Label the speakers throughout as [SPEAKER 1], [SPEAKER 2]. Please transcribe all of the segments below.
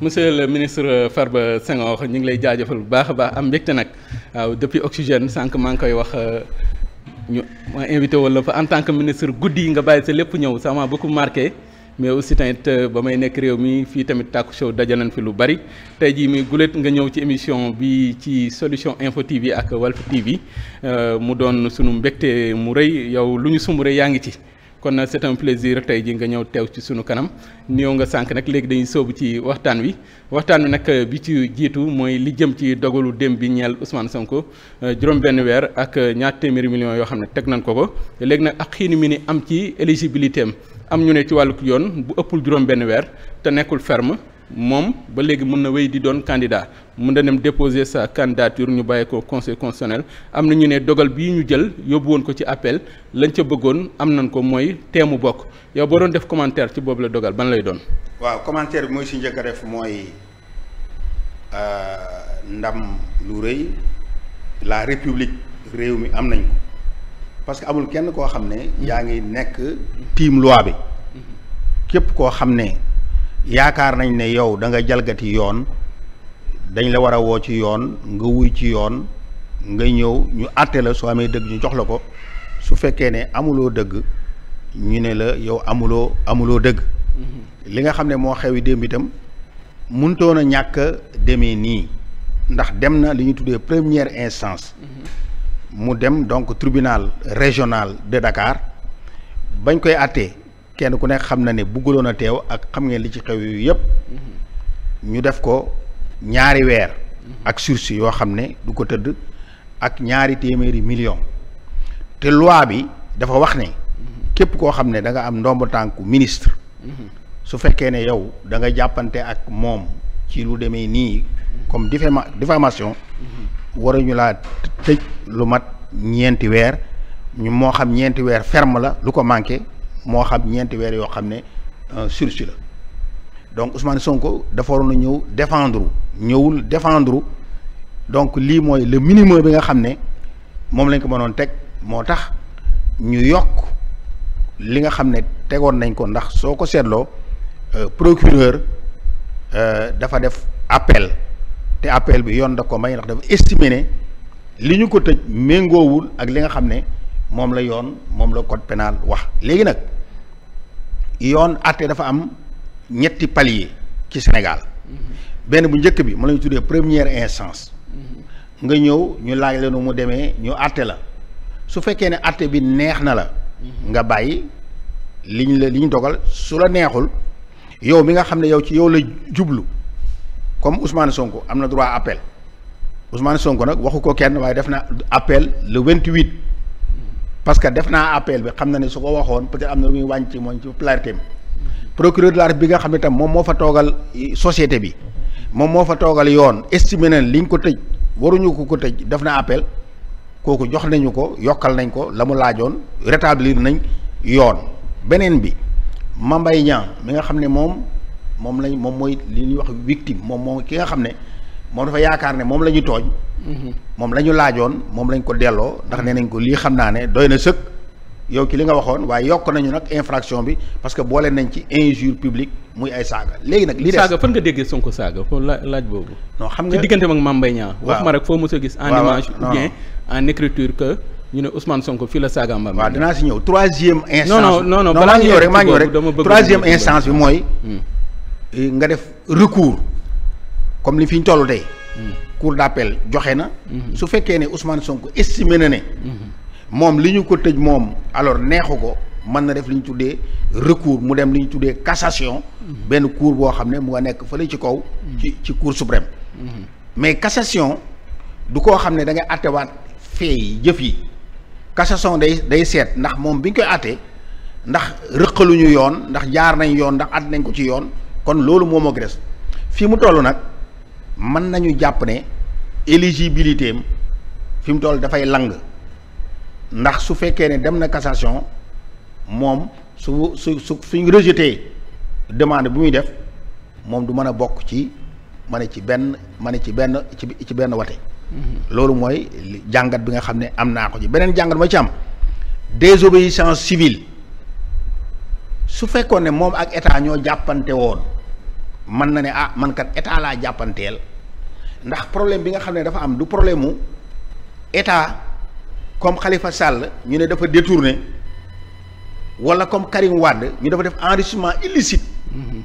[SPEAKER 1] monsieur le ministre Farba Senghor ñu ngi lay jaajëfal bu baax a baax am mbégte nag waaw depuis oxygène sànq maa ngi koy wax euh, ñu ma invité woon la fa en tant que ministre guddi yi nga bàyyi sa lépp ñëw samaa m'a beaucoup marqué mais aussi it euh, ba may nekk réew mi fii tamit Taku Show dajanan fi lu bari tey jii muy gulet nga ñëw ci émission bi ci solution info TV ak Walf TV euh, mu doon sunu mbégte mu rëy yow lu ñu sumb rek yaa ngi ci. kon c'est un plaisir tey ji nga ñëw teew ci sunu kanam néew nga sànq nag léegi dañuy soobu ci waxtaan wi waxtaan wi nag bi ci jiitu mooy li jëm ci dogalu démb bi ñeel Ousmane Sonko euh, juróom-benn weer ak ñaar téeméeri millions yoo xam ne teg nañ ko ko léegi nag ak xiinu mi ni am ci éligibilité am am ñu ne ci wàlluk yoon bu ëppul juróom-benn weer te nekkul ferme moom ba léegi mën na wéy di doon candidat mën na dem déposer sa candidature ñu bàyyi ko conseil constitutionnel am na ñu ne dogal bii ñu jël yóbbu woon ko ci appel lañ ca bëggoon am nañ ko mooy teemu bokk yow boo doon def commentaire ci boobu la dogal ban lay doon.
[SPEAKER 2] waaw commentaire bi mooy si njëkk def mooy euh, ndam lu rëy la république réew mi am nañu ko parce que amul kenn koo xam ne. yaa ngi nekk tiim loi bi. Mhm. képp koo xam ne yaakaar nañ ne yow da nga jalgati yoon. dañ la war a woo ci yoon nga wuy ci yoon nga ñëw ñu àtte la soo amee dëgg ñu jox la ko su fekkee ne amuloo dëgg ñu ne la yow amuloo amuloo dëgg
[SPEAKER 1] mm-hmm.
[SPEAKER 2] li nga xam ne moo xewi démb itam mënutoon a ñàkk demee nii ndax dem na li ñu tuddee première instance
[SPEAKER 1] mm-hmm.
[SPEAKER 2] mu dem donc tribunal régional de Dakar bañ koy àttee kenn ku nekk xam na ne bugguloon a teew ak xam ngeen li ci xew yu yëpp
[SPEAKER 1] mm-hmm.
[SPEAKER 2] ñu def ko ñaari weer ak sursis yoo xam ne du ko tëdd ak ñaari téeméeri million te loi bi dafa wax ne képp koo xam ne da nga am ndomb tànku ministre su fekkee ne yow da nga jàppante ak moom ci lu demee nii comme diffama diffamation waruñu laa tëj lu mat ñeenti weer ñu moo xam ñeenti weer ferme la lu ko manqué moo xam ñeenti weer yoo xam ne euh, sursis la donc Ousmane Sonko dafa waroon a ñëw défendre ñëwul défendre donc lii mooy le minimum bi nga xam ne moom lañ ko mënoon teg moo tax ñu yokk li nga xam ne tegoon nañ ko ndax soo ko seetloo euh, procureur euh, dafa def appel te appel bi yoon da ko may ndax dafa estimer li ñu ko tëj méngoowul ak li nga xam ne moom la yoon moom la code pénal wax léegi nag yoon àtte dafa am. ñetti palier ci Sénégal benn bu njëkk bi mu la tuddee première in instance nga ñëw ñu laaj la nu mu demee ñu àtte la su fekkee ne àtte bi neex na la nga bàyyi liñ la liñ dogal su la neexul yow mi nga xam ne yow ci yow la jublu comme Ousmane Sonko am na droit appel Ousmane Sonko nag waxu ko kenn waaye def na appel le vingt-huit parce que def naa appel bi xam na ne su ko waxoon peut am na lu muy wàññi ci moom ci popularité procureur de la bi nga xam ne tam moom moo fa toogal société bi moom moo fa toogal yoon estimé li liñ ko tëj waruñu ko ko tëj def na appel kooku jox nañu ko yokkal nañ ko la mu laajoon rétablir nañ yoon beneen bi Mame Mbaye mi nga xam ne moom moom lañ moom mooy li ñuy wax victime moom moom ki nga xam ne moom dafa yaakaar ne moom la ñu tooñ mhm. moom la ñu laajoon moom lañ ko delloo ndax ne nañ ko lii xam naa ne doy na sëkk yow ci li nga waxoon waaye yokk nañu nag infraction bi parce que boole nañ ci injure publique muy ay saaga léegi nag. li des saaga fan nga déggee Sonko saaga foofu la laaj boobu.
[SPEAKER 1] non xam nga ci digganteem
[SPEAKER 2] ak Mame Mbaye wax ma
[SPEAKER 1] rek foo mos a gis. en image ou bien en écriture que. ñu ne Ousmane Sonko fii la saaga Mame Mbaye. waaw
[SPEAKER 2] si ñëw troisième instance. non non non balaa ñëw rek maa ngi ñëw rek troisième bi mooy. Hmm. nga def recours comme li fi ñu toll tey. Hmm. cour d'appel joxe na. Hmm. su fekkee ne Ousmane Sonko estimé na ne. moom li ñu ko tëj moom alors neexu ko mën na def li ñu tuddee recours mu dem li ñu tuddee cassation mhm. benn cour boo xam ne mu nga nekk fële ci kaw mhm. ci ci cour suprême mhm. mais cassation du koo xam ne da ngay àttewaat fee yi jëf yi cassation day day seet ndax moom bi ñu koy àttee ndax rëqaluñu yoon ndax jaar nañ yoon ndax àtt nañ ko ci yoon kon loolu moo moo gres fii mu toll nag mën nañu jàpp ne éligibilité am fi mu toll dafay lang ndax su fekkee ne dem na cassation moom su su su suñ rejeté demande bu muy def moom du mën a bokk ci ma ne ci benn ma ne ci benn ci benn wate mhm. loolu mooy jàngat bi nga xam ne am naa ko ci beneen jàngat ma ci am désobéissance civile su fekkoon ne moom ak état ñoo jàppante woon mën na ne ah man kat état laa jàppanteel ndax problème bi nga xam ne dafa am du problème mu état comme Khalifa Sall ñu ne dafa détourné wala comme Karim Wade ñu dafa def enrichissement illicite mm-hmm.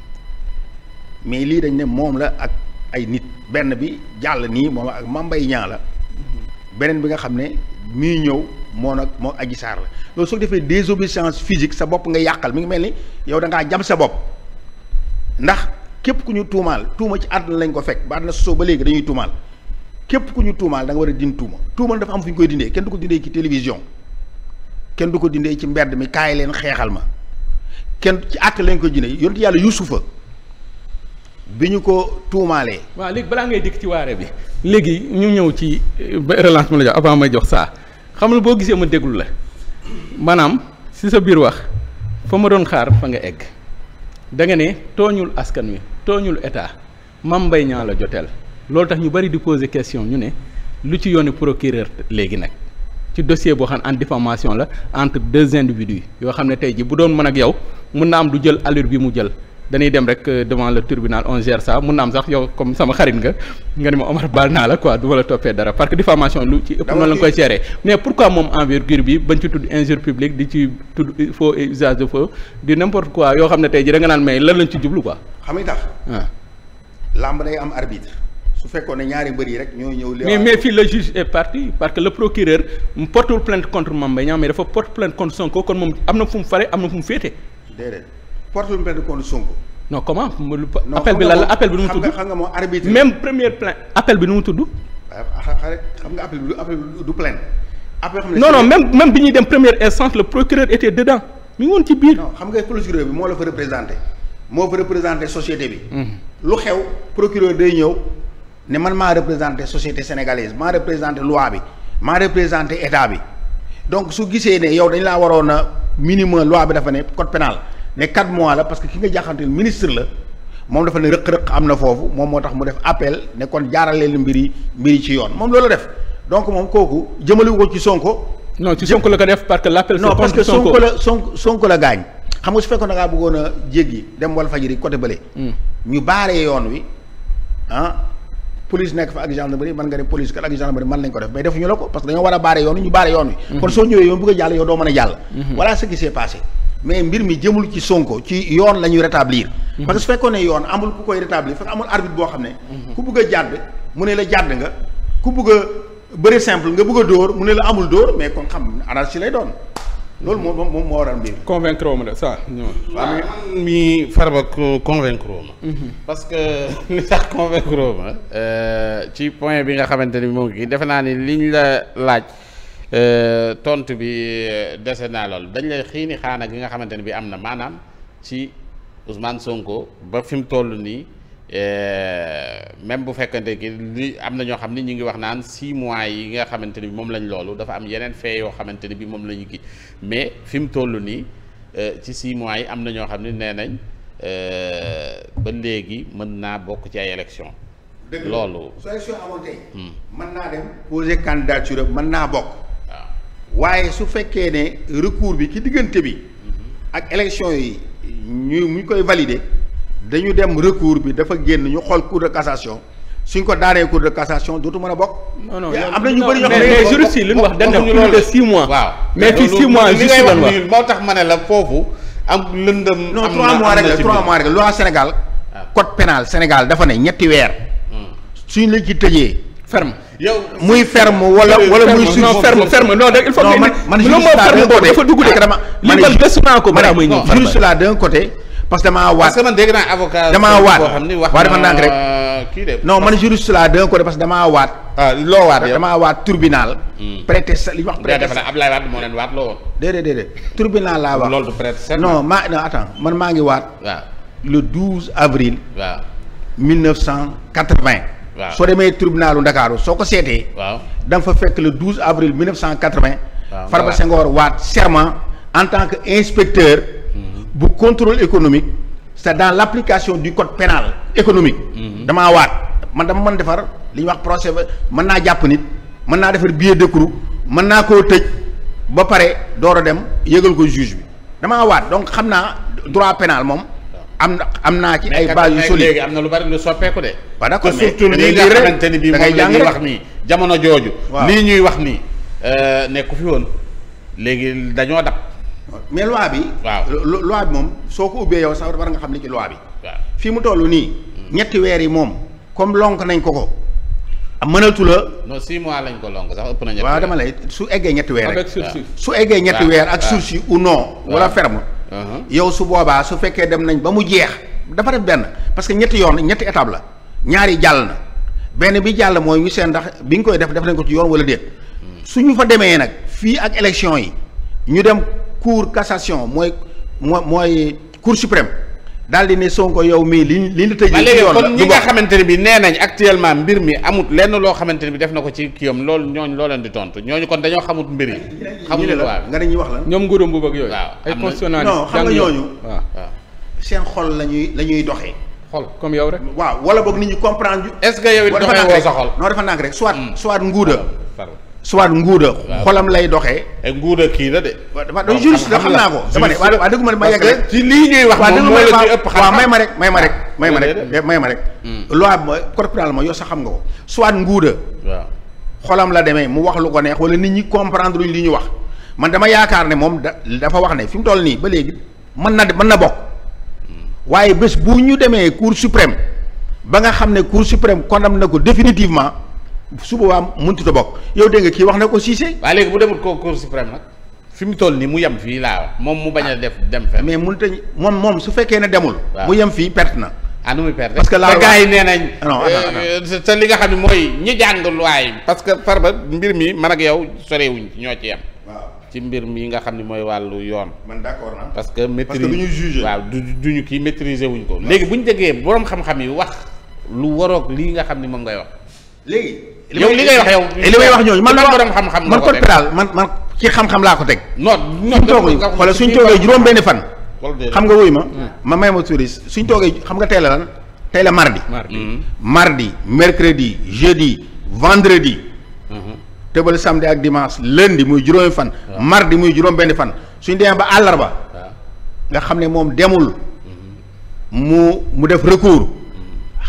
[SPEAKER 2] mais lii dañ ne moom la ak ay nit benn bi jàll nii moom ak mambay ñaa la mm-hmm. beneen bi nga xam ne muy ñëw moo nag moo Adji saar la loolu soo defee désobéissance physique sa bopp nga yàqal mi ngi mel ni yow dangaa jam sa bopp ndax képp ku ñu tuumaal tuuma ci àdduna lañ ko fekk ba àdduna sosoo ba léegi dañuy tuumaal képp ku ñu tuumaal da nga war a din tuuma tuumal dafa am fu ñu koy dindee kenn du ko dindee ci télévision kenn du ko dindee ci mbedd mi kaay leen xeexal ma kenn ci àtt lañ koy dindee yonent yàlla yusufa bi ñu ko tuumaalee. waaw léegi balaa ngay dikk ci waare bi. léegi
[SPEAKER 1] ñu ñëw ci relance ma la jox avant may jox saa xam nga boo gisee ma déglu la maanaam si sa biir wax fa ma doon xaar fa nga egg danga nga ne tooñul askan wi tooñul état Mame Mbaye Niang la joteel. loolu tax ñu bëri di poser question ñu ne lu ci yoonu procureur léegi nag ci dossier boo xam ne en diffamation la entre deux individus yoo xam ne tey ji bu doon mën ak yow mun na am du jël allure bi mu jël dañuy dem rek euh, devant le tribunal on gère mun na am sax yow comme sama xarit nga nga ni ma Omar baal naa la quoi du ma la toppee dara parce que diffamation lu ci ëpp noonu la nga koy gérer mais pourquoi moom envergure bi bañ ci tudd injure publique di ci tudd faux et usage de faux di n'importe quoi yoo xam ne tey ji da nga naan mais lan lañ ci jublu quoi. xam nga tax. Ah.
[SPEAKER 2] làmb day am arbitre. su fekkoon ne ñaari mbër yi rek ñoo ñëw. li mais mais
[SPEAKER 1] fii le juge est parti parce que le procureur mu porte plainte contre Mame Mbaye Niang mais dafa porte plainte contre Sonko kon moom am na fu mu fare am na fu mu féete. porte plainte contre Sonko. non comment appel bi la la appel bi nu mu tudd xam nga moom arbitre même première plainte appel bi nu mu tudd. Ah, ah,
[SPEAKER 2] xam no appel bi même même bi ñuy dem première instance le procureur était dedans mi ngi woon ci biir. non xam nga procureur bi moo la fa représenté bi. Mhm. lu ne man maa représenté société sénégalaise maa représenté loi bi maa représenté état bi donc su gisee ne yow dañ laa waroon a minimum loi bi dafa ne code pénal ne quatre mois la parce que ki nga jàxante ministre la moom dafa ne rëq-rëq am na foofu moom moo tax mu def appel ne kon jaaraleel mbir yi mbir ci yoon moom loolu def donc moom kooku jëmale ko ci Sonko.
[SPEAKER 1] non ci Sonko la ko def parce que l'appel non parce que Sonko la
[SPEAKER 2] Sonko Sonko la gaañ. xam nga su fekkoo da ngaa a jéggi dem wal fajiri côté bële. Hmm. ñu baaree yoon wi ah, police nekk fa ak gendarmerie mën nga ne police kat ak gendarmerie mën nañ ko def mais defuñu la ko parce que dañoo war a baare yoon wi ñu baare yoon wi mhm. kon soo ñëwee yoon bëgg a jàll yow doo mën a jàll mhm. voilà ce qui s'est passé mais mbir mi jëmul ci Sonko ci yoon la rétablir mhm. parce que su fekkoon ne yoon amul ku koy rétablir fekk amul arbitre boo xam ne ku bëgg a jàdd mu ne la jàdd nga ku bëgg a bëri simple nga bëgg a dóor mu ne la amul dóor mais loolu moom moom moo waral mbir. convaincre wu ma de ça.
[SPEAKER 3] waaw man mii Farba convaincre wu ma.
[SPEAKER 2] Mhm. parce que li tax
[SPEAKER 3] convaincre euh, ci point bi nga xamante ni moom kii defe naa ni liñ la laaj. Euh, tontu bi euh, dese naa lool dañ lay xiini xaana gi nga xamante ni bi am na maanaam ci Ousmane Sonko ba fi mu toll nii. Euh, même bu fekkante ki li am na ñoo xam ne ñu ngi wax naan 6 mois yi nga xamante ni bi moom lañ loolu dafa am yeneen fee yoo xamante ni bi moom la ñu kii mais fi mu toll nii euh, ci 6 mois yi am na ñoo xam ne nee nañ euh, ba léegi mën naa bokk ci ay
[SPEAKER 2] élection loolu su élection amoon tey hmm. mën naa dem poser candidature mën naa bokk waaye su fekkee ne recours bi ci diggante bi hmm. ak élection yi ñu mu koy valider dañu dem recours bi dafa génn ñu xool cour de cassation suñ ko daanee cour de cassation dootu mën a bokk. am na ñu bëri ñoo xam ne mais yi lu ñu wax dañ ne plus de six mois.
[SPEAKER 3] moo tax ma ne la foofu
[SPEAKER 2] am lëndëm. non trois mois rek la trois mois rek la loi Sénégal. Ah. code pénal Sénégal dafa ne ñetti weer. Hmm. suñ la ci tëjee. ferme yow muy ferme wala wala muy. non ferme ferme non il faut man man muy ñëw ferme laa d'un côté. parce que damaa waat parce que man dégg naa avocat. damaa rek. kii man juriste laa da ko def parce que damaa waat. Ah, loo waat damaa waat tribunal. Hmm. prêter li wax prêter sa.
[SPEAKER 3] Ablaye Wade
[SPEAKER 2] laa wax. loolu maa non attends man maa ngi waat. waaw le 12 avril. waaw 1980. waaw soo demee tribinalu Ndakaaru soo ko seetee. waaw da nga fa fekk le 12 avril 1980. waaw Farba Senghor waat serment en tant que inspecteur. bu contrôle économique c'est dans l'application du code pénal économique mhm. damaa waat man dama man defar li ñu wax projet ba mën naa jàpp nit mën naa defar billet d'écrou mën naa koo tëj ba pare door a dem yëgal ko juge bi damaa waat donc xam naa droit pénal moom am na am naa ci ay base yu solide léegi
[SPEAKER 3] am na lu bari lu soppeeku de
[SPEAKER 2] waaw d'accord mais surtout lii nga xamante ni bii moom la ñuy wax
[SPEAKER 3] nii jamono jooju lii ñuy wax nii
[SPEAKER 2] euh, nekku fi woon léegi dañoo dab mais loi bi. waaw loi bi moom soo ko ubbee yow sax war nga xam li ci loi bi. fii mu toll nii. Hmm. ñetti weer yi moom comme lonk nañ ko ko. mënatu la.
[SPEAKER 3] non six mois lañ ko lonk sax ëpp na ñetti waaw
[SPEAKER 2] dama su eggee ñetti weer rek. su eggee ñetti ak sursis ou non. wala ferme. Uh-huh. yow su boobaa su fekkee dem nañ ba mu jeex dafa def benn parce que ñetti yoon ñetti étape la ñaari jàll na benn bi jàll mooy ñu seen ndax bi ñu koy def def nañ ko ci yoon wala déet. Hmm. su ñu fa demee nag fii ak élection yi ñu dem. cour cassation mooy moo mooy cour suprême daal di ne Sonko yow mii li li ñu tëjee. ci yoon kon ñi nga xamante
[SPEAKER 3] ne bi nee nañ actuellement mbir mi amut lenn loo xamante ne bi def na ko ci kiyam lool ñooñ loo leen di tontu ñooñu
[SPEAKER 2] kon dañoo xamut mbir yi. xamul waaw nga ne ñuy wax la. ñoom nguuram bu bëgg yooyu. waaw ay constitutionnalistes xam nga ñooñu. waaw waaw seen xol la ñuy la ñuy doxee. xol comme yow rek. waaw wala boog nit comprend comprendre. est-ce que yow it doxee woo sa xol. non dafa nànk rek soit. Hmm. soit nguuda soit nguuda xolam lay doxee. nguuda kii la de. waaw xam juriste la xam naa ko. dama ma ne ma yegg. ci lii ñuy wax may ma rek may ma may ma rek may ma rek. Hmm. loi bi mooy code pénal xam nga ko nguuda. waaw la demee mu wax lu ko neex wala nit ñi comprendre luñ li ñu wax man dama yaakaar ne moom da dafa wax ne fi mu toll nii ba léegi mën na man na bokk hmm. waaye bés bu ñu demee cour suprême ba nga xam ne cour suprême condamne na ko définitivement. su boobaa mënut a bokk yow dégg nga kii wax na ko Cissé. waaye léegi bu demul ko Cour suprême nag fi mu toll nii mu yem
[SPEAKER 3] fii laa moom mu bañ a def dem fenn. mais
[SPEAKER 2] mënut a moom moom su fekkee ne demul. mu yem fii perte na. ah nu muy perte parce que laa gars yi nee nañ. Ah, non ah, ah,
[SPEAKER 3] euh, te li nga xam ne mooy ñi jàngul waay. parce que Farba mbir mi man ak yow sorewuñ ñoo ci yem. ci mbir mi nga xam ne mooy wàllu yoon. man na parce que maîtrise parce que duñu jugé waaw du duñu kii maîtriser wuñ ko. léegi bu ñu déggee boroom xam-xam wax lu waroog lii nga xam ne moom ngay wax
[SPEAKER 2] yow li ngay wax yow. li may wax ñooñu man borom xam-xam man code pénal man man ci xam-xam laa ko teg. non non toogee xoolal suñ toogee juróom benn fan.
[SPEAKER 3] xam nga wuy ma. Hmm.
[SPEAKER 2] ma may ma touriste suñ toogee xam nga tey la lan tey la mardi. mardi hmm. mercredi jeudi vendredi. Hmm. tëbal samedi ak dimanche lundi muy juróomi fan. mardi muy juróom benn fan suñ demee ba àllarba. nga xam ne moom demul. mu mu def recours.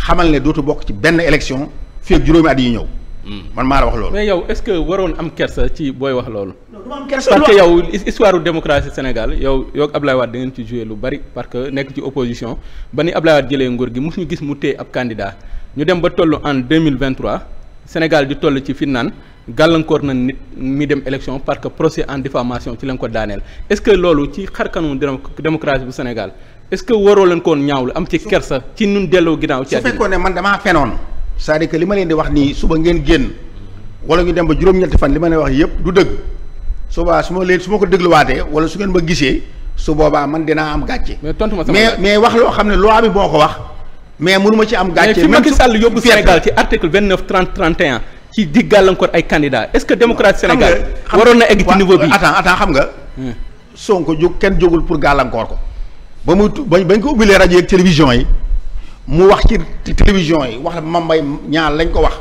[SPEAKER 2] xamal ne dootu bokk ci benn élection fii ak juróomi at yi ñëw. Mm. man maa la wax loolu.
[SPEAKER 1] mais yow est-ce que waroon am kersa ci booy wax loolu. parce que yow histoire démocratie Sénégal yow yow Ablaye Wade da ngeen ci joué lu bari parce que nekk ci opposition ba ni Ablaye Wade jëlee nguur gi mosuñu gis mu téye ab candidat ñu dem ba toll en deux mille vingt trois Sénégal di toll ci fi naan gàllankoor na nit mi dem élection parce que procès en diffamation ci lañ ko daaneel est-ce que loolu ci xarkanu démocratie bu Sénégal est-ce que waroo leen koon ñaawlu am ci kersa ci delloo ginnaaw. ci
[SPEAKER 2] man damaa fenoon. c'est-à-dire li ma leen di wax nii suba ngeen génn wala ñu dem ba juróom-ñetti fan li ma leen wax yëpp du dëgg suba su ma leen su ma ko dégluwaatee wala su ngeen ma gisee su boobaa man dinaa am gàcce. mais tontu ma mais mais wax loo xam ne loi bi boo ko wax mais mënu ci am. gàcce même su mais fi Macky Sall
[SPEAKER 1] yóbbu Sénégal ci article vingt neuf trente trente et un ci di gàllankoor ay candidats est-ce que démocratie Sénégal
[SPEAKER 2] waroon na egg ci niveau bi attends ataa xam nga. Hmm. Sonko jóg kenn jógul pour gàllankoor ko ba muy bañ ko ubbilee rajo yeeg yi mu wax ci télévision yi wax la Mame Mbaye Niang lañ ko wax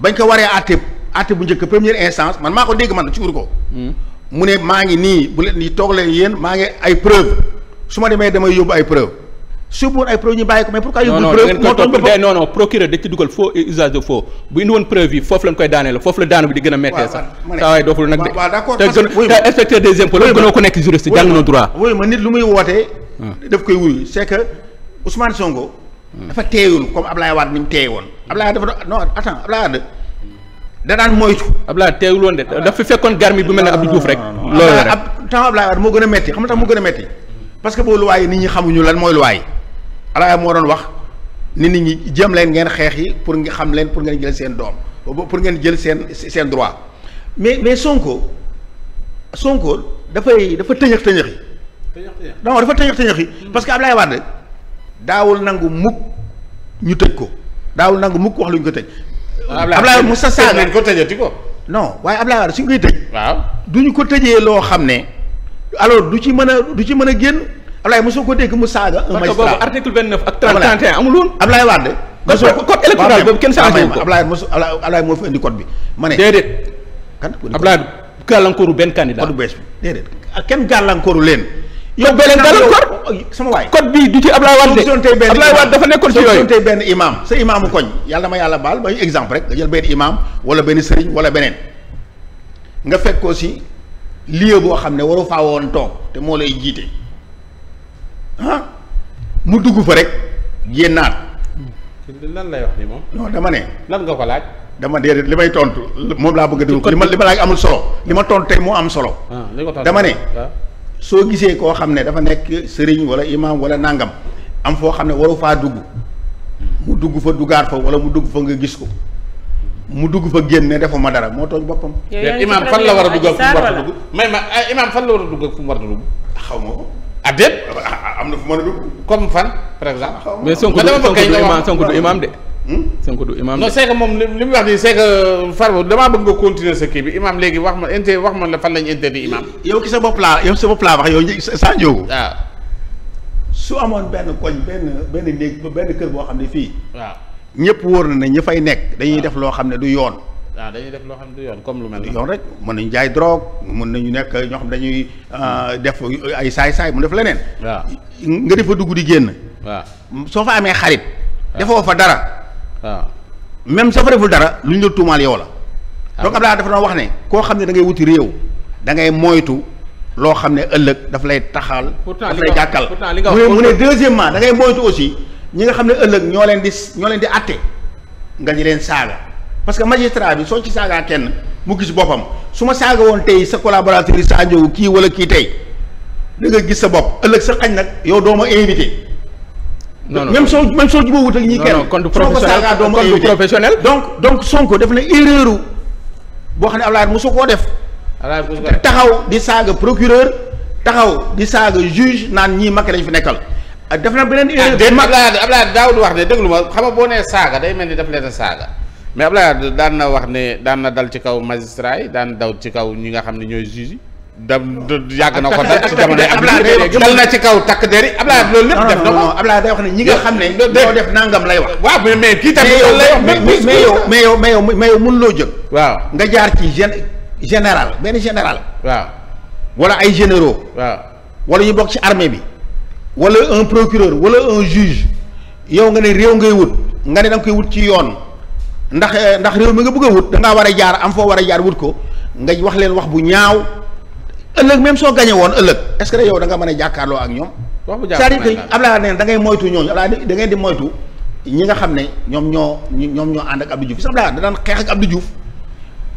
[SPEAKER 2] bañ ko waree àtte àtte bu njëkk première instance man maa ko dégg man suur ko hmm. mu ne maa ngi nii bu leen nii toog leen yéen maa ngi ay preuve su ma demee damay yóbbu ay preuve su boobu ay preuve ñu bàyyi ko mais pourquoi yóbbu preuve moo toog
[SPEAKER 1] bu indi foofu daanee la foofu la daanu bi di gën a méttee sax saa waay dooful nag de te inspecteur des impôts la gënoo ko nekk juriste jàng na droit
[SPEAKER 2] ma nit lu muy dafa teeyul comme Ablaye Wade ni mu teey woon. Ablaye Wade dafa non attends Ablaye Wade da daan moytu. Ablaye teeyul woon de dafa fekkoon garmi bu mel ne Abdou Diouf rek. loolu rek ab temps Ablaye Wade moo gën a metti xam nga tax moo gën a metti parce que boo luwaay yi nit ñi xamuñu lan mooy luwaay Ablaye moo doon wax ni nit ñi jëm leen ngeen xeex yi pour nga xam leen pour ngeen jël seen doom pour ngeen jël seen seen droit mais mais Sonko Sonko dafay dafa tëñëx tëñëx yi. tëñëx tëñëx non dafa tëñëx tëñëx yi hmm. parce que Ablaye Wade. daawul nangu mukk ñu tëj ko daawul nangu mukk wax lu ñu ko tëj. Abdoulaye Wade mu sa saaga ko tëjati ko. non waaye Abdoulaye Wade suñ koy du ñu ko tëjee loo xam ne. alors du ci mën a du ci mën a génn Abdoulaye mosoo ko dégg mu saaga. un magistrat parce que article vingt neuf mu trente et un amul woon Abdoulaye Wade. ko code électoral boobu kenn changé wu ko Abdoulaye mosoo Abdoulaye moo fi indi code bi. ma ne déedéet. kan Abdoulaye gàllankooru benn candidat. code bees bi déedéet. kenn gàllankooru leen. yow beneen gàllankoor sama waay code bii du ci Ablaye Wade Ablaye Wade dafa nekkoon ci yooyu benn imam sa imaamu koñ yàlla dama yàlla baal ba ñu exemple rek nga jël benn imam wala benn sëriñ wala beneen nga fekk ko si lieu boo xam ne waru faa woon toog te moo lay jiite ah mu dugg fa rek génnaat.
[SPEAKER 3] Hmm. lan lay wax ni
[SPEAKER 2] moom. dama ne. lan nga ko laaj. dama de li may tontu moom laa bëgg a ko li ma li ma laaj amul solo li ma tontu tey moo am solo.
[SPEAKER 3] Ah, dama ne.
[SPEAKER 2] Ah. soo gisee koo xam ne dafa nekk sëriñ wala imaam walla nangam am foo xam ne waru faa dugg mu dugg fa duggaat fa wala mu dugg fa nga gis ko mu dugg fa génne defuma dara moo toog boppam. imaam ah, fan la war
[SPEAKER 3] a dugg ak fu mu war a dugg may ma imaam fan la war a dugg ak fu mu a dugg. xaw ma ko. Ah, ah, am na fu mën a dugg. comme fan par exemple. mais Sonko du Sonko du imaam de.
[SPEAKER 1] Sonko du imaam non
[SPEAKER 3] moom li mu wax nii c'est que euh, Farba damaa bëgg nga continuer sa imaam léegi wax ma
[SPEAKER 2] inter wax ma la fan lañ interdit imaam. yow ki sa bopp laa laa wax yow saa Ndiogou. waaw su amoon benn koñ benn benn néeg benn kër boo xam ne fii. waaw ah. ñëpp wóor na ne ñi nekk. dañuy ah. def loo xam ne du yoon. waaw ah, dañuy def loo xam ne du yoon comme lu mel yoon rek mën nañu jaay drogue mën nañu nekk ñoo xam dañuy euh, hmm. def ay saay-saay mu def leneen. nga def fa dugg di génn. waaw soo fa amee xarit. defoo fa dara. waaw même soo fa dara lu ñu la tuumaal yow la. Ah. donc Abdoulaye dafa doon wax ne koo xam ne da ngay wuti réew da ngay moytu loo xam ne ëllëg daf lay taxal. daf lay jàkkal mu ne deuxièmement da ngay moytu aussi ñi nga xam ne ëllëg ñoo leen di ñoo leen di àtte nga di leen saaga parce que magistrat bi soo ci saagaa kenn mu gis boppam su ma saaga woon tey sa collaborateur yi saa kii wala kii tey da nga gis sa bopp ëllëg sa xaj nag yow doo ma invité. non même soo même soo jubóo wut ak ñi kenn. kon du professionnel kon du professionnel. donc donc Sonko def na erreur boo xam ne Abdoulaye mosu koo def. taxaw di saaga procureur taxaw di saaga juge naan ñii Macky lañ fi nekkal. ak ah, def na beneen ah, erreur de Abdoulaye Abdoulaye daawul wax ne déglu ma xam nga boo nee saaga day
[SPEAKER 3] mel ni daf leen saaga mais Abdoulaye daan na wax ne daan na dal ci kaw magistrat daan daw ci kaw ñi nga xam ne ñooy juge yi. da yàgg na ko dal ci jamono yi dal na ci kaw takk
[SPEAKER 2] der yi Ablaye lépp def na ko Ablaye wax ne ñi nga xam ne ñoo def nangam lay wax waaw mais mais kii tamit loolu lay wax mais loo jël waaw nga jaar ci général benn général waaw wala ay généro waaw wala ñu bokk ci armée bi wala un procureur wala un juge yow nga ne réew ngay wut nga ne da koy wut ci yoon ndax eh, ndax réew mi nga bëgg a wut dangaa war a jaar am foo war a jaar wut ko nga wax leen wax bu ñaaw ëllëg même soo gañee woon ëllëg est-ce que yow da nga mën a jàkkaarloo ak ñoom.
[SPEAKER 3] c'est-à-dire que
[SPEAKER 2] Abdoulaye neen da ngay moytu ñooñu Abdoulaye da ngay di moytu ñi nga xam ne ñoom ñoo ñoom ñoo ànd ak Abdou Diouf Abdoulaye da daan xeex ak du Diouf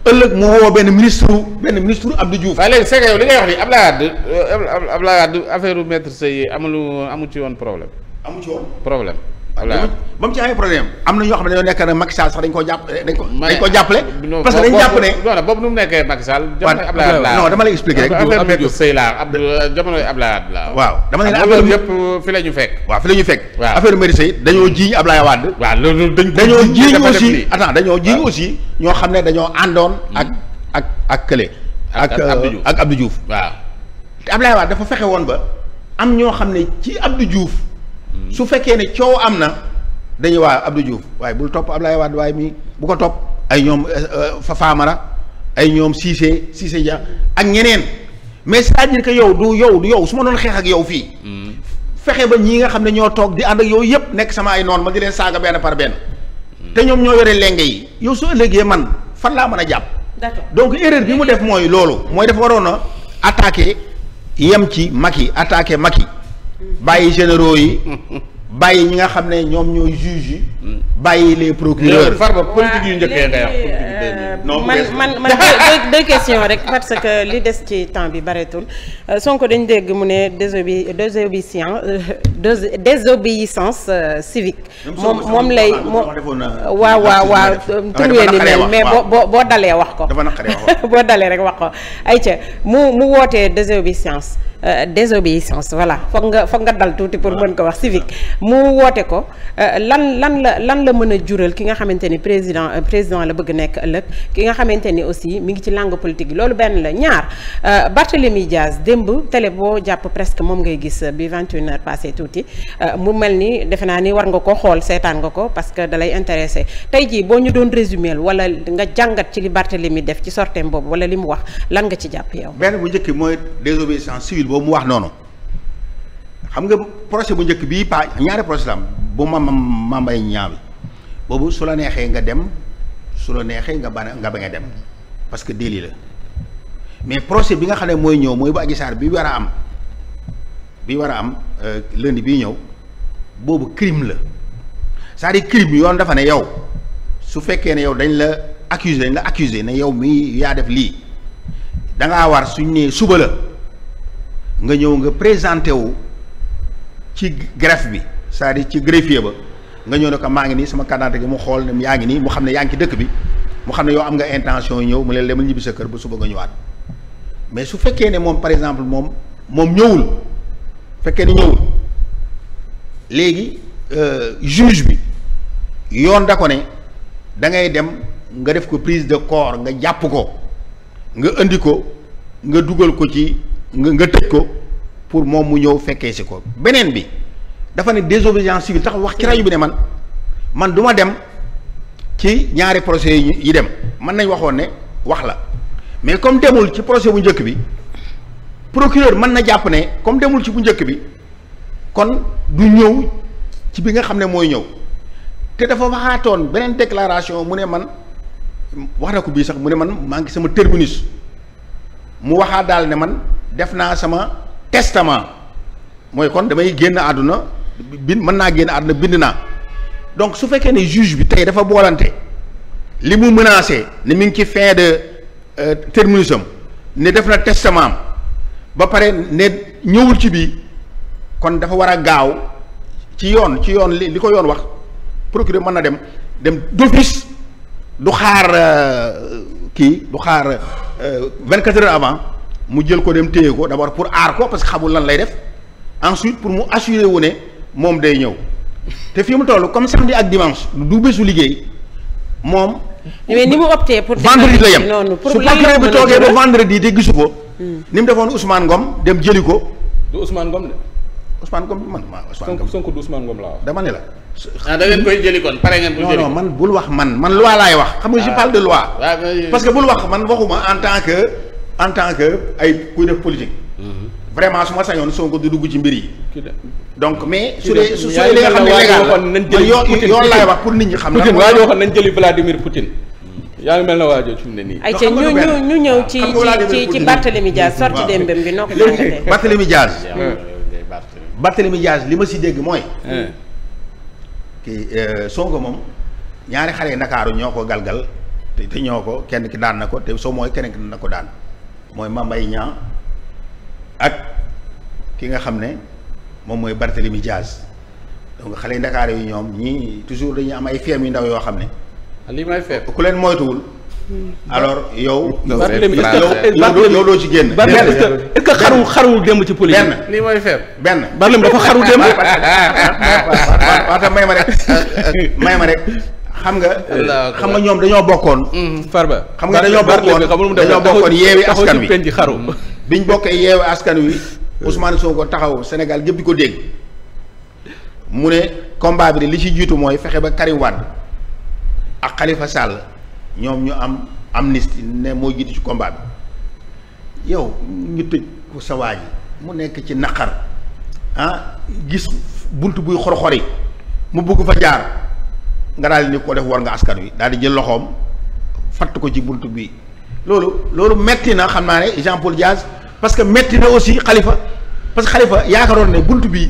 [SPEAKER 2] ëllëg mu woo benn ministre benn ministre Abdou Diouf. waaye léegi c'est que yow li ngay wax ni Abdoulaye Wade
[SPEAKER 3] euh, Abdoulaye Wade affaire maître Seye amul amu ci woon problème. amu ci woon problème. voilà ba mu ci amee problème am na ñoo xam ne dañoo
[SPEAKER 2] nekk nag Macky Sall sax dañ koo jàpp eh, dañ ko dañ koo jàppale. Ah, parce que dañ jàpp
[SPEAKER 3] ne. non boobu nu mu nekkee Macky Sall. non lay expliquer rek. Euh, dama ne ah, affaire
[SPEAKER 2] euh, fi la ñu fekk. waaw fi la fekk. waaw affaire mairie sëy dañoo jiiñ Abdoulaye Wade. waaw dañoo jiiñ aussi attends dañoo jiiñ aussi ñoo xam ne dañoo àndoon hmm. ak ak ak Kële. ak euh, ak Abdou Diouf waaw te Abdoulaye Wade dafa fexe woon ba am ñoo xam ne ci Abdou Diouf Mm. su fekkee ne coow am na dañuy waa Abdou Diouf waaye bul topp Ablaye Wade waaye mi bu ko topp ay ñoom euh, euh, fafaamara ay ñoom Cissé Cissé Dia ak ñeneen mais cest ko yow du yow du yow su ma doon xeex ak yow fii. Mm. fexe ba ñii nga xam ne ñoo toog di ànd ak yow yëpp nekk sama ay noon ma di leen saaga benn par benn. Mm. te ñoom ñoo yore lenge yi yow su ëllëgee man fan laa mën a jàpp. d'accord donc erreur bi mu def mooy loolu. mooy dafa waroon a attaquer yem ci Macky attaquer Macky. bàyyi généraux yi. bàyyi ñi nga xam ne ñoom ñooy juge yi. Mm. bàyyi les procureurs farba politique yu njëkkee ngay
[SPEAKER 4] wax Euh, man man man deux questions rek parce que li des ci temps bi bareetul euh, Sonko dañ dégg mu ne désobé euh, désobéissance désobéissance civique. moom moom lay moom waaw waaw waaw. turuwee ni mel mais boo boo dalee wax ko. dafa boo dalee rek wax ko ay ca mu mu wootee désobéissance. Euh, désobéissance voilà foog nga foog nga dal tuuti pour mën ko wax civique mu woote ko lan lan la lan la mën a jural ki nga xamante ni président président la bëgg nekk ëllëg ki nga xamante ni aussi mi ngi ci langue politique yi loolu benn la ñaar euh, Barthélémy Diaz démb télé boo jàpp presque moom ngay gis bi 21 heures passé tuuti euh, mu mel ni defe naa ni war nga ko xool seetaan nga ko parce que dalay intéressé tey jii boo ñu doon résumé wala nga jàngat ci li Barthélémy def ci sorteem boobu wala li mu wax lan nga ci jàpp yow.
[SPEAKER 2] benn bu njëkk mooy désobéissance civile boobu mu wax noonu xam nga projet bu njëkk bii pa ñaari projet la am bu ma ma boobu su la neexee nga dem. su la neexee nga bañ nga bañ a dem parce que délit la mais procès bi nga xam ne mooy ñëw mooy ba Adji Sarr bi war a am bi war a am euh, lundi bii ñëw boobu crime la c'est-à-dire crime yoon dafa ne yow su fekkee ne yow dañ la accusé dañ la accusé ne yow mii yaa def lii da ngaa war suñ nee suba la nga ñëw nga présenté wu ci greffe bi cest ci greffier ba. nga ñëw ne ko maa ngi nii sama kàddaante gi mu xool ne yaa ngi nii mu xam ne yaa ngi ci dëkk bi mu xam ne yow am nga intention ñëw mu leen demal ñibbi sa kër ba suba nga ñëwaat mais su fekkee ne moom par exemple moom moom ñëwul fekkee ne ñëwul léegi euh, juge bi yoon da ko ne da ngay dem nga def ko prise de corps nga jàpp ko nga indi ko nga dugal ko ci nga tëj ko pour moom mu ñëw fekkee si ko beneen bi dafa ne désobéissance civile tax wax ci rajo bi ne man man duma dem ci ñaari projet yi dem mën nañ waxoon ne wax la mais comme demul ci projet bu njëkk bi procureur mën na jàpp ne comme demul ci bu njëkk bi kon du ñëw ci bi nga xam ne mooy ñëw te dafa waxaatoon beneen déclaration mu ne man wax na ko bii sax mu ne man maa ngi sama terminus mu waxaat daal ne man def naa sama testament mooy kon damay génn àdduna bind mën naa génn àdduna bind naa donc su fekkee ne juge bi tey dafa boolante li mu menacé ne mi ngi ci fin de euh, terminus ne def na testament am ba pare ne ñëwul ci bii kon dafa war a gaaw ci yoon ci yoon li li ko yoon wax procureur mën na dem dem d'office du xaar euh, kii du xaar euh, vingt quatre heures avant mu jël ko dem téye ko d'abord pour aar ko parce que xamul lan lay def ensuite pour mu assurer wu ne moom day ñëw te fi mu toll comme samedi ak dimanche du bésu liggéey moom.
[SPEAKER 4] mais ni mu opté pour. vendredi la yem noonu su procureur bi toogee ba vendredi
[SPEAKER 2] te gisu ko. Hmm. ni mu defoon Ousmane Ngom dem jëli ko.
[SPEAKER 1] du Ousmane Ngom de. Ousmane
[SPEAKER 2] Ngom man maa Ousmane Ngom Sonko du Ousmane Ngom laa dama ne la. ah koy jëli kon pare ngeen koy man bul wax man man loi laay wax. xam nga je ah. parle loi.
[SPEAKER 3] Ah, parce que
[SPEAKER 2] bul wax man waxuma en tant que en tant que ay kuy politique. vraiment su ma sañoon Sonko du dugg ci mbir yi. donc mais. su dee su dee li nga xam ne légal la yoon laay wax pour nit ñi xam. lan mooy Poutine
[SPEAKER 1] waxoon jëli Vladimir Poutine. yaa mel na waajoo fi mu ne nii. ayca
[SPEAKER 4] ñu ñu ñu ñëw ci ci ci Barthélemy Diaz sorti démbem bi noo ko jàngatee.
[SPEAKER 1] Barthélemy Diaz.
[SPEAKER 4] Barthélemy
[SPEAKER 2] li ma si dégg mooy. Hmm. kii euh, Sonko moom ñaari xale yi Ndakaaru ñoo ko galgal te ñoo ko kenn ki daan na ko te soo mooy keneen ki na ko daan mooy Mame Mbaye Niang ak ki nga xam ne moom mooy Barthélemy Diaz donc xale yi Ndakaar yi ñoom ñii toujours dañuy am ay fem yu ndaw yoo xam ne. may feem ku leen moytuwul. alors yow. yow yow loo ci génn. est-ce que xarul xarul démb ci politique. benn li may feem benn. Barthélemy dafa xarul démb. waaw may a rek may ma rek. xam nga xam nga ñoom dañoo bokkoon. Farba xam nga dañoo bokkoon dañoo bokkoon yeewi askan wi. biñ bokkee yeewu askan wi Ousmane Sonko taxaw Sénégal gépp di ko dégg mu ne combat bi de li ci jiitu mooy fexe ba Karim Wade ak Khalifa Sall ñoom ñu am am amnistie ne moo jiitu ci combat bi yow ñu tëj ko sa waa mu nekk ci naqar ah gis bunt buy xor-xori mu bëgg fa jaar nga daal ni ko def war nga askan wi daal di jël loxoom fatt ko ci bunt bi loolu loolu metti na xam naa ne Jean Paul Diaz parce que metti na aussi xalifa parce que xalifa yaakaaroon ne bunt bi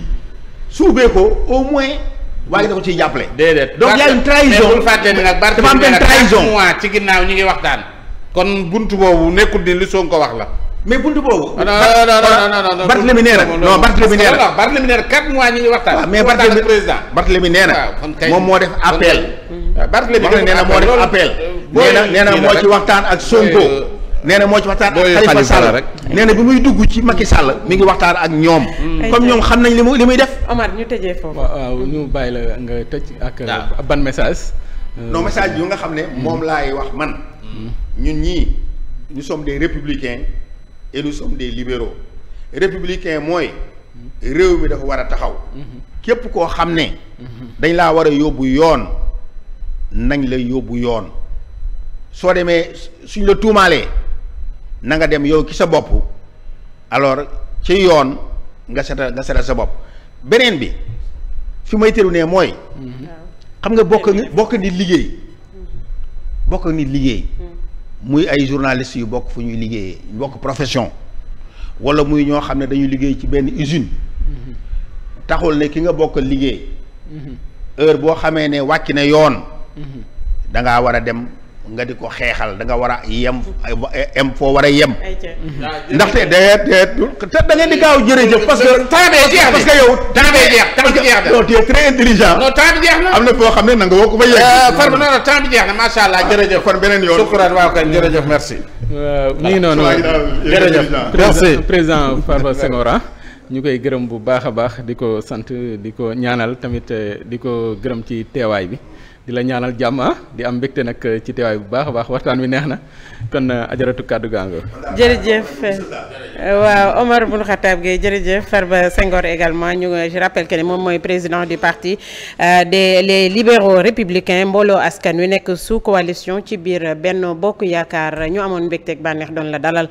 [SPEAKER 2] su ubbee ko au moins waa ngi ko ciy jàppale.
[SPEAKER 3] déedéet donc y a une trahison ngi waxtaan. kon bunt boobu nekkul ni li Sonko
[SPEAKER 2] wax la. mais buntu boobu. non non non Barthélemy nee na non Barthélemy nee na ñu ngi waxtaan. mais Barthélemy président moom moo def appel. Barthélemy nee moo def appel. nee na nee moo ci waxtaan ak Sonko. Euh, nee na moo ci waxtaan ak Khalifa Sall rek nee na bi muy dugg ci Macky sàll mi ngi waxtaan ak ñoom comme ñoom xam nañ li muy li muy def Omar ñu tëjee foofu bàyyi la nga tëj ak euh, ban message euh, non message bi nga xam ne hmm. moom laay wax man hmm. ñun ñii nous sommes des républicains et nous sommes des libéraux républicain mooy hmm. réew mi dafa war a taxaw képp koo xam ne dañ laa war a yóbbu yoon nañ la yóbbu yoon soo demee suñ la tuumaalee na nga dem yow ki sa bopp alors ci yoon nga setal nga setal sa bopp beneen bi fi may tëru ne mooy. Mm-hmm. xam nga bokk mm-hmm. bokk nit liggéey. Mm-hmm. bokk nit liggéey. muy ay journalistes yu bokk fu ñuy liggéeyee bokk profession. wala muy ñoo xam ne dañuy liggéey ci benn usine. taxul ne ki nga bokk liggéey. heure boo xamee ne wàcc na yoon. da war a dem. nga di ko xeexal da nga war a yem eh, em foo war a yem. ndaxte day te da ngeen di gaaw jërëjëf. parce que temps bee parce que yow. temps bee jeex temps bi jeex na non tu es très temps bi jeex na am na foo xam ne nanga woo ko euh, fa
[SPEAKER 3] macha allah ah, jërëjëf kon beneen yoon. sukuraat waaw kay jërëjëf
[SPEAKER 1] merci. Euh, mi ngi noonu jërëjëf merci président Farba Senghor ah. ñu koy gërëm bu baax a baax di ko sant di ko ñaanal tamit di ko gërëm ci teewaay bi. di la ñaanal jàmm ah. di am mbégte nag eh, ci teewaay bu baax a baax waxtaan wi neex na kon eh, ajaratu kàddu gaango
[SPEAKER 4] jërëjëf waaw Omar Boun Khattab Gueye jërëjëf Farba Senghor également ñu eh, je rappelle que ne moom mooy président du parti des les libéraux républicains mbooloo askan wi nekk sous coalition ci biir Benno Bokk Yaakaar ñu amoon mbégteeg bànneex doon la dalal